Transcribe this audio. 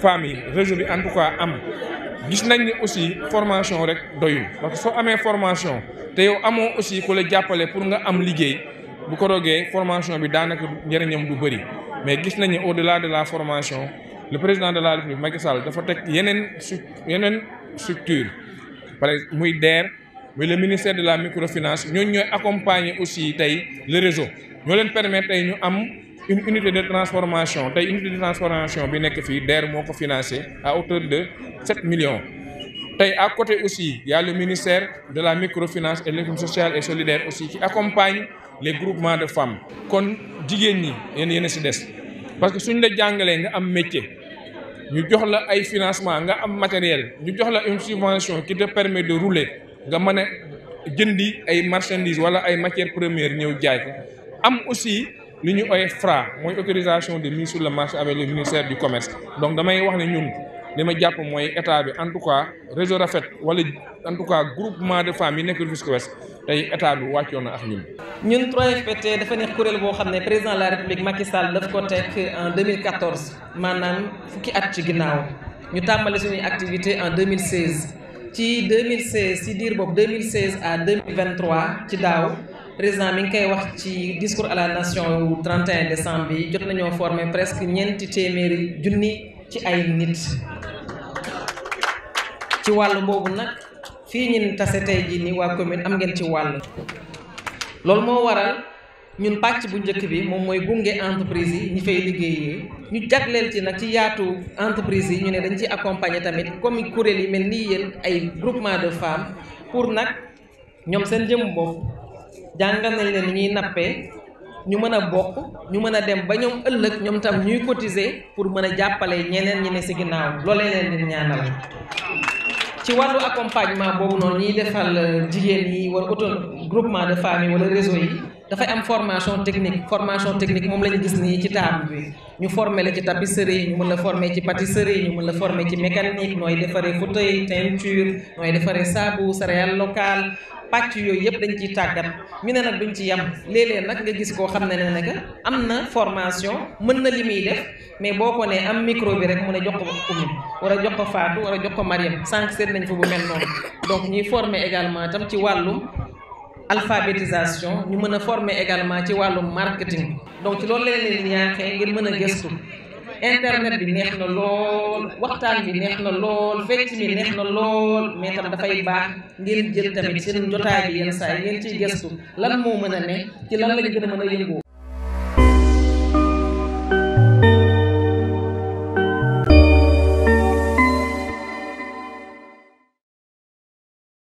famille yi réseau bi en tout cas am gis nañ ni aussi formation rek doyul parce que so amé formation té yow amo aussi ko la jàppale pour nga am liguey bu ko rogué formation bi daanaka njëriñam du bëri mais gis nañu au delà de la formation le président de la république Macky Sall dafa teg yeneen yenen structure par exemple muy DER muy le ministère de la microfinance Nous, ñoy accompagner aussi tay le réseau ñoo leen permettre à ñu am une unité de transformation une unité de transformation bi est fii DER moo à hauteur de 7 millions. Et à côté aussi il y a le ministère de la microfinance et de l'économie sociale et solidaire aussi qui accompagne les groupements de femmes. kon jigéen y yéen parce que si vous avez un am métier ñu jox un ay financement nga am matériel ñu jox une subvention qui te permet de rouler de mën des jëndi ay marchandises ou des matières premières ñëw jaay ko am aussi li ñu oy FRA autorisation de mise sur le marché avec le ministère du commerce donc damay wax ne ñun les médias pour moi état bi en tout cas réseau Rafet wala en tout cas groupement de femmes yi nekk Rufisque Ouest tey état bi wàccoon na ak ñun. nous 3FPT dafa nekk kuréel le président de la république Macky Sall daf ko en 2014 manam fukki at ci avons ñu tàmbali suñuy activité en 2016 ci 2016 ci dire Bob 2016 à 2023 ci daaw. président mi ngi koy wax ci discours à la nation wu 31 décembre bi jot nañu former presque ñeenti téeméeri junni ci ay nit ci walu bobu nak fi ñi tassé tay ji ni wa commune am ngeen ci walu lool mo waral ñun pàcc bu ñëk bi mom moy gunge entreprise yi ñi fay liggéeyee ñu jaglél ci nak ci yaatu entreprise yi ñu né dañ ci accompagner tamit comme kuréel yi melni yeen ay groupement de femmes pour nak ñom seen jëm bopp jàngal nañ leen ni ñuy nappee ñu mën a bokk ñu mën a dem ba ñoom ëllëg ñoom tam ñuy cotiser pour mën a jàppale ñeneen ñi ne si ginnaaw loolee leen di ñaanal ci wàllu accompagnement boobu noonu ñuy defal jigéen yi wala auto groupement de femmes wala réseau yi dafay am formation technique formation technique moom la ñu gis nii ci table bi ñu formé la ci tapisserie ñu mën la formé ci pâtisserie ñu mën la formé ci mécanique nooy defaree fauteuil teinture nooy pàcc yooyu yëpp dañ ci tagat ñu ne nag duñ ci yam lélé nak nga gis ko xamné né ne amna formation mën na limi def mais boko né am micro bi rek mu jox ko Oumy wara jox ko Fatou wara jox ko Mariam sank seet nañ fu bu mel non donc ñi former également tam ci walu alphabétisation ñu mën former également ci walu marketing donc ci loolu la leen di ngir mëna a gëstu. internet bi neex na lool waxtaan bi neex na lool fecc mi neex na lool mais tam dafay baax ngeen jël tamit seen jotaay bi yenn saa yi ngeen ciy gëstu lan moo mën a ne ci lan lañ gën a mën a yëngoo